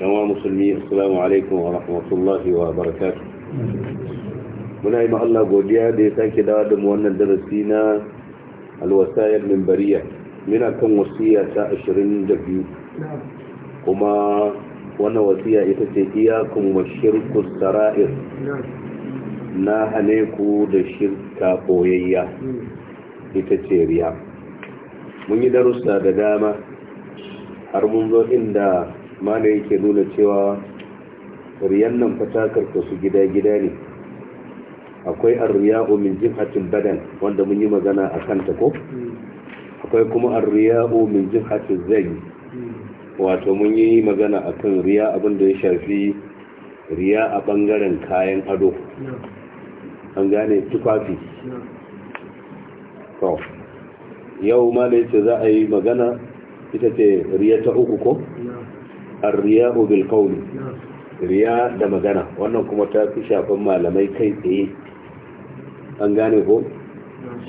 yawa musulmi assalamu alaikum wa rahmatullahi wa barakatuh muna yi Allah godiya da ya sake dawa da mu wannan darasi na alwasayar mimbariya muna kan wasiya ta 22 kuma wannan wasiya ita ce iyakun mashirkus sara'ir na hane ku da shirka boyayya ita ce riya mun yi darussa da dama har mun zo inda mana yake nuna cewa riyan nan fatakar su gida-gida ne akwai arriya'u min jihatin badan wanda mun yi magana a kanta ko akwai kuma arriya'u min jihatin zai wato mun yi magana a kan riya abinda ya shafi riya a bangaren kayan ado an gane tufafi yau ma da za a yi magana ita ce riya ta uku ko arriyahu bil qawli riya da magana wannan kuma ta fi shafin malamai kai tsaye an gane ko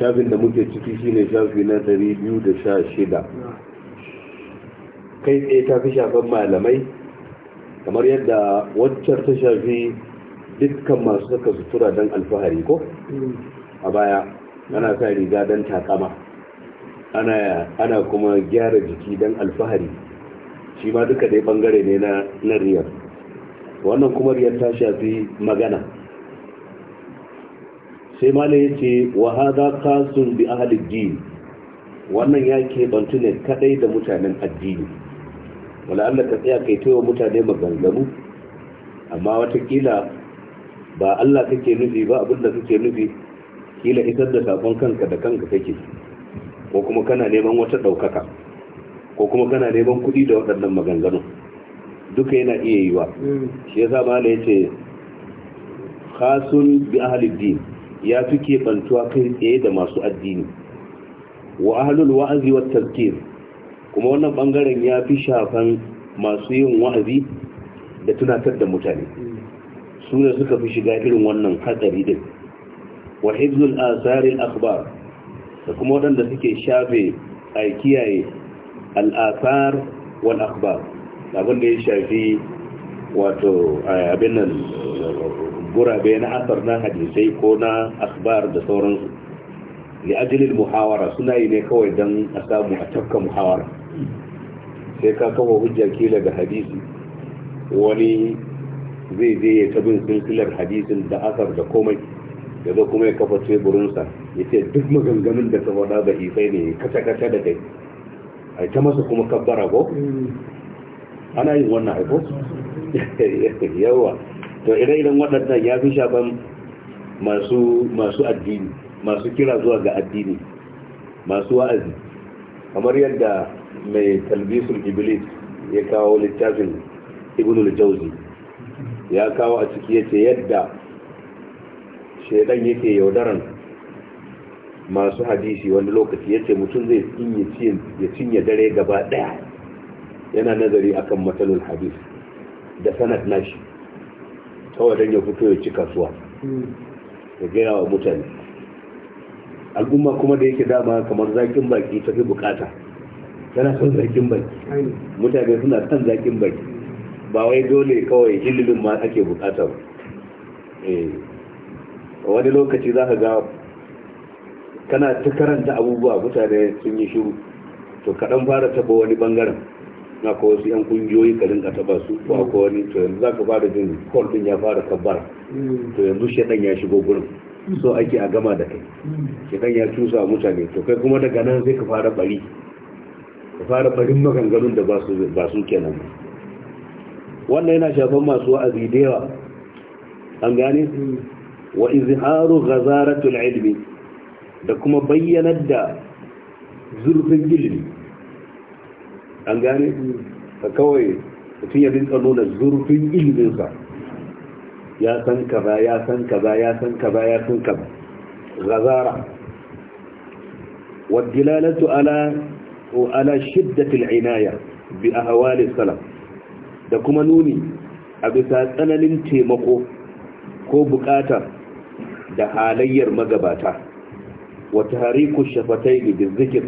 shafin da muke ciki shine shafi na 216 kai tsaye ta fi shafin malamai kamar yadda waccar ta shafi dukkan masu saka sutura don alfahari ko a baya ana sa riga don takama ana kuma gyara jiki don alfahari shi ma duka dai bangare ne na riyar wannan kuma riyar ta shafi magana sai malai ya ce wa hada kasun bi ahalin din wannan ya bantu ne kadai da mutanen addini wala Allah ka tsaya kai taiwa mutane maganganu amma watakila ba Allah kake nufi ba abinda kake nufi kila isar da sakon kanka da kanka kake ko kuma kana neman wata ɗaukaka ko kuma kana neman kuɗi da waɗannan maganganu. duka yana iya yi wa hmm. shi yasa mala yace khasun bi ahli din ya fi keɓantuwa kai tsaye da masu addini wa ahalul wa'azi wa tazkir kuma wannan ɓangaren ya fi shafan masu yin wa'azi da tunatar da mutane hmm. su ne suka fi shiga irin wannan hatsari din wa hibzul asaril akhbar da kuma waɗanda suke shafe a kiyaye al'asar wal akbar abin ya shafi wato eh, abin nan gurabe na asar na hadisai ko na akbar da sauransu ne ajilil muhawara suna yi ne kawai don a samu a tafka muhawara sai ka kawo hujja kila da hadisi wani zai je ya tabin silsilar hadisin da asar da komai da zai kuma ya kafa teburinsa ya ce duk maganganun da ka faɗa da ifai ne kata-kata da kai a ta masa kuma kabbara ko mm. ana yin wannan haifo yawa to ire-iren waɗannan ya fi shafan masu addini masu kira zuwa ga addini masu wa'azi kamar yadda mai talbisul iblis ya kawo littafin al jauzi ya kawo a ciki yace yadda shaidan yake yaudaran masu hadisi wani lokaci yace mutum zai cinye ya dare gaba daya yana nazari akan matsalul hadis da sanad nashi kawai dan ya fito ya ci kasuwa ya gaya wa mutane al'umma kuma da yake dama kamar zakin baki ta fi bukata Yana son zakin baki mutane suna son zakin baki ba wai dole kawai ilimin ma ake bukata ba eh, wani lokaci za ka ga kana ta karanta abubuwa mutane sun yi shiru to kaɗan fara taba wani bangaren na ko wasu yan kungiyoyi ka dinga taba su ko ko wani to yanzu za ka fara jin kol din ya fara kabbar mm. to yanzu shaɗan ya shigo gurin so ake a gama da kai mm. shaɗan ya cusa mutane to kai kuma daga nan sai ka fara bari ka fara barin maganganun da ba su ba su kenan wannan yana shafan masu wa'azi da yawa an gane mm. wa izharu ghazaratul ilmi da kuma bayyanar da zurfin ilimi an gane ka kawai mutum ya rinka nuna zurfin iliminsa ya san kaza ya san kaza ya san kaza ya san kaza gazara wadilalatu ala wa ala shiddatil inaya bi ahwali salaf da kuma nuni a bisa tsananin taimako ko bukata da halayyar magabata wa tahriku shafataini bizikr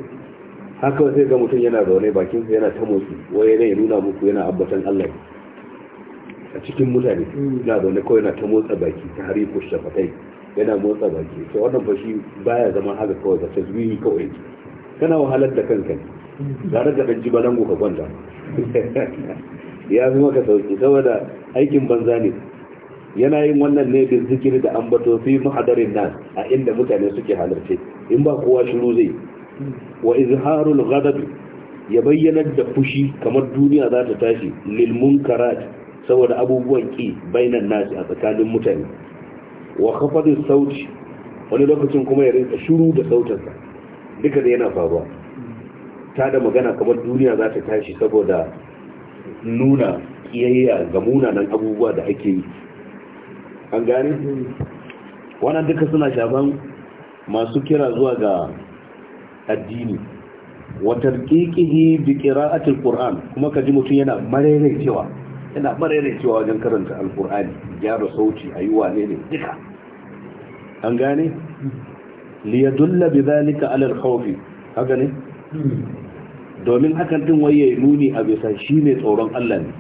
haka sai ga mutum yana zaune bakin sa yana ta motsi waye ne ya nuna muku yana abbatan Allah a cikin mutane yana zaune kawai yana ta motsa baki tahriku shafatai yana motsa baki to wannan fashi shi baya zama haka kawai da tasbihi kawai kana wahalar da kanka tare da danji balango ka kwanta ya fi maka sauki saboda aikin banza ne yana yin wannan ne bin zikiri da ambato fi muhadarin nan a inda mutane suke halarce in ba kowa shiru zai wa izharul ghadab ya bayyana da fushi kamar duniya za ta tashi lil munkarat saboda abubuwan ki bainan nasi a tsakanin mutane wa khafadus sauti wani lokacin kuma ya rinka shiru da sautarsa, duka da yana faruwa ta da magana kamar duniya za ta tashi saboda nuna kiyayya ga munanan abubuwa da ake yi an gani mm-hmm. wannan duka suna shafan masu kira zuwa ga addini wata kikihi bi qira'atil qur'an kuma kaji mutum yana marerai cewa yana marerai cewa wajen karanta alqur'ani gyara sauti ayi wane ne duka an gani mm-hmm. li yadulla bi zalika ala al haka ne mm-hmm. domin hakan din waye nuni a bisa shine tsoron Allah ne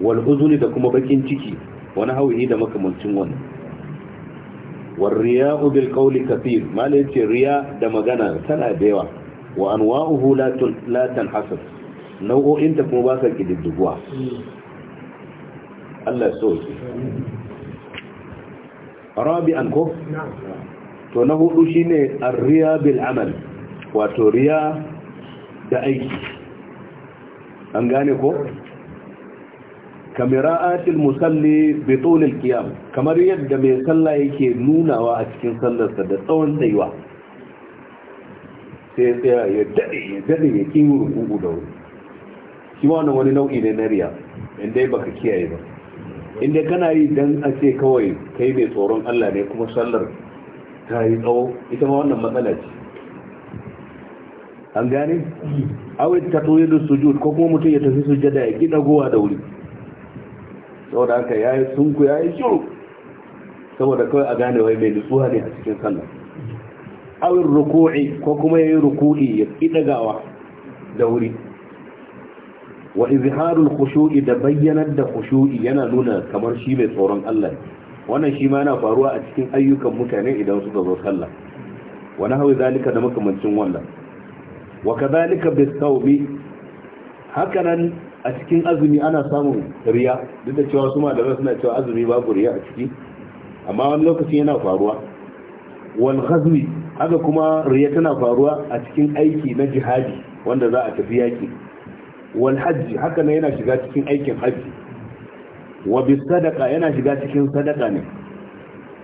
wal huzuni da kuma bakin ciki wani hauyi da makamancin wani warriya bil qawli kathir mala riya da magana tana da yawa wa anwa'uhu la la tanhasab nau'o'in ta kuma ba sa kididdiguwa Allah ya so rabi'an ko to na hudu shine arriya bil amal wato riya da aiki an gane ko kamira'atil musalli bi tulil qiyam kamar yadda mai sallah yake nunawa a cikin sallarsa da tsawon daiwa sai sai ya dade ya dade ya kin rubu da wuri shi ma wani nau'i ne na riya inda baka kiyaye ba inda kana yi dan a ce kawai kai mai tsoron Allah ne kuma sallar ta yi tsawo ita ma wannan matsala ce an gane awai ta tsoye da sujud ko kuma mutum ya tafi sujada ya kidagowa da wuri saboda haka ya yi sunku ya yi shiru saboda kawai a gane wai mai nutsuwa ne a cikin sallah awin ruku'i ko kuma ya yi ruku'i ya ƙidagawa da wuri wa izharul khushu'i da bayyanar da khushu'i yana nuna kamar shi mai tsoron Allah wannan shi ma yana faruwa a cikin ayyukan mutane idan suka zo sallah wa nahwi zalika da makamancin wannan wa kadhalika bis sawbi hakanan a cikin azumi ana samun riya duk da cewa su malama suna cewa azumi babu riya a ciki amma wani lokacin yana faruwa wal ghazwi haka kuma riya tana faruwa a cikin aiki na jihadi wanda za a tafi yaki wal hajji haka ne yana shiga cikin aikin hajji wa bi sadaqa yana shiga cikin sadaqa ne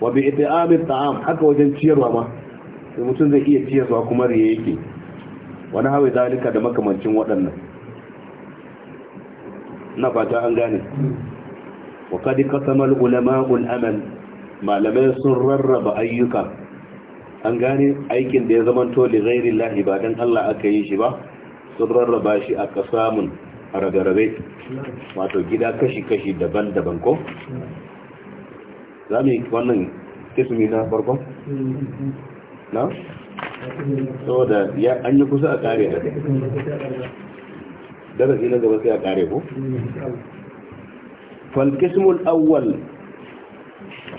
wa bi it'ami ta'am haka wajen ciyarwa ma mutum zai iya ciyarwa kuma riya yake wani hawa zalika da makamancin waɗannan na fata an gane wa kadi kasamar ulama'ul amal malamai sun rarraba ayyuka an gane aikin da ya zama to li ghairi lahi ba dan Allah aka yi shi ba sun rarraba shi a kasamun ragarabe wato gida kashi-kashi daban-daban ko za yi wannan kismi na farko na? saboda ya an kusa a kare da darasi na gaba sai a kare ko falkismul awwal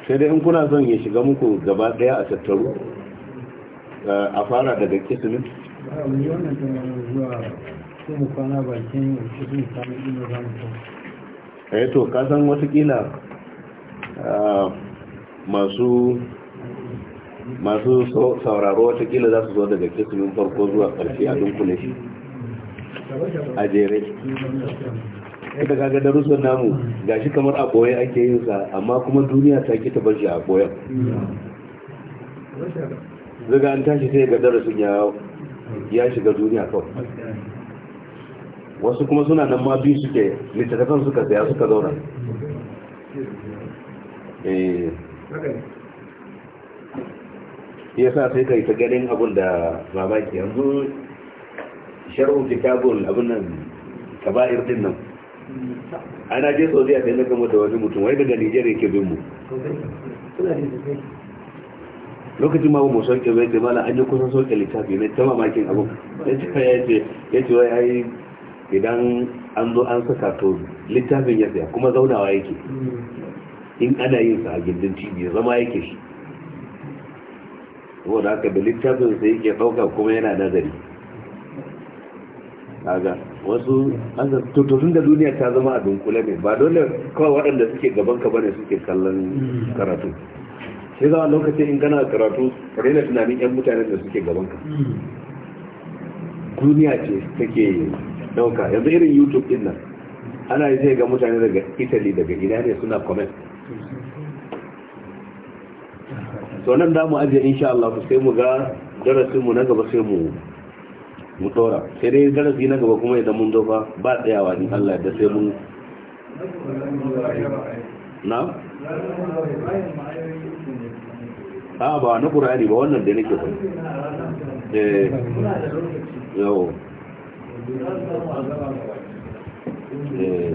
sai dai in kuna son ya shiga muku gaba daya a tattaru eh, a fara daga kismin eh to ka san watakila eh, masu masu sauraro watakila za su zo daga kismin farko zuwa karshe a dunkule shi a jere da kaga darussan namu gashi kamar a boye ake yin sa amma kuma duniya ta ki ta bar shi a boye Daga an tashi sai ga darasin ya ya shiga duniya kawai wasu kuma suna nan ma biyu suke littattafan suka saya suka zauna eh ya sa sai kai ta ganin abin da mamaki yanzu sharhu kitabul abin nan kaba'ir din nan ana je saudiya sai na gama da wani mutum wai daga nijar yake bin mu lokacin ma mu sauke bai da mala an yi kusan sauke littafi ne ta mamakin abu ya ce wai ai idan an zo an saka to littafin ya tsaya kuma zaunawa yake in ana yin sa a gindin tv zama yake shi saboda aka da littafin sai yake ɗauka kuma yana nazari kaga wasu tututun da duniya ta zama a dunkule ne ba dole kawai waɗanda suke gaban ka bane suke kallon karatu sai za a lokacin in kana karatu raina tunanin yan mutanen da suke gaban ka duniya ce take dauka yanzu irin youtube din nan ana yi sai ga mutane daga italy daga ina ne suna comment so nan da mu ajiye insha Allah sai mu ga darasin mu na gaba sai mu mu dora sai dai darasi na gaba kuma idan mun dofa ba ba tsayawa ni Allah da sai mun na a ba na qur'ani ba wannan da nake faɗi eh yau eh.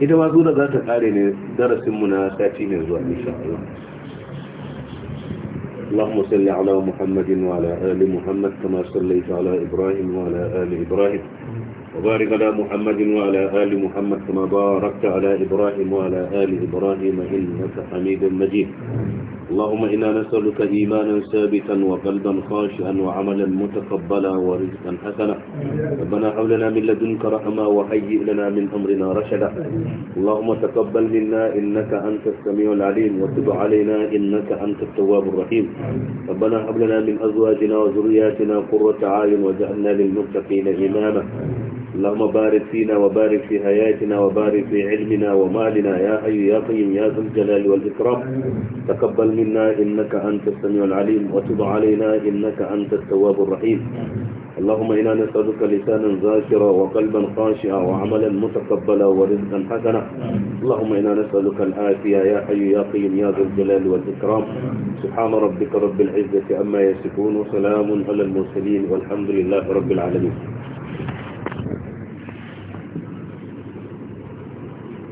ita ma zuwa za ta kare ne darasinmu na sati ne zuwa nishan اللهم صل على محمد وعلى آل محمد كما صليت على إبراهيم وعلى آل إبراهيم وبارك على محمد وعلى آل محمد كما باركت على إبراهيم وعلى آل إبراهيم إنك حميد مجيد اللهم إنا نسألك إيمانا ثابتا وقلبا خاشعا وعملا متقبلا ورزقا حسنا ربنا حولنا لنا من لدنك رحمة وهيئ لنا من أمرنا رشدا اللهم تقبل منا إنك أنت السميع العليم وتب علينا إنك أنت التواب الرحيم ربنا حولنا لنا من أزواجنا وذرياتنا قرة عين وجعلنا للمتقين إماما اللهم بارك فينا وبارك في حياتنا وبارك في علمنا ومالنا يا حي يا قيم يا ذو الجلال والإكرام تقبل منا إنك أنت السميع العليم وتب علينا إنك أنت التواب الرحيم اللهم إنا نسألك لسانا ذاكرا وقلبا خاشعا وعملا متقبلا ورزقا حسنا اللهم إنا نسألك العافية يا حي يا قيم يا ذو الجلال والإكرام سبحان ربك رب العزة عما يصفون وسلام على المرسلين والحمد لله رب العالمين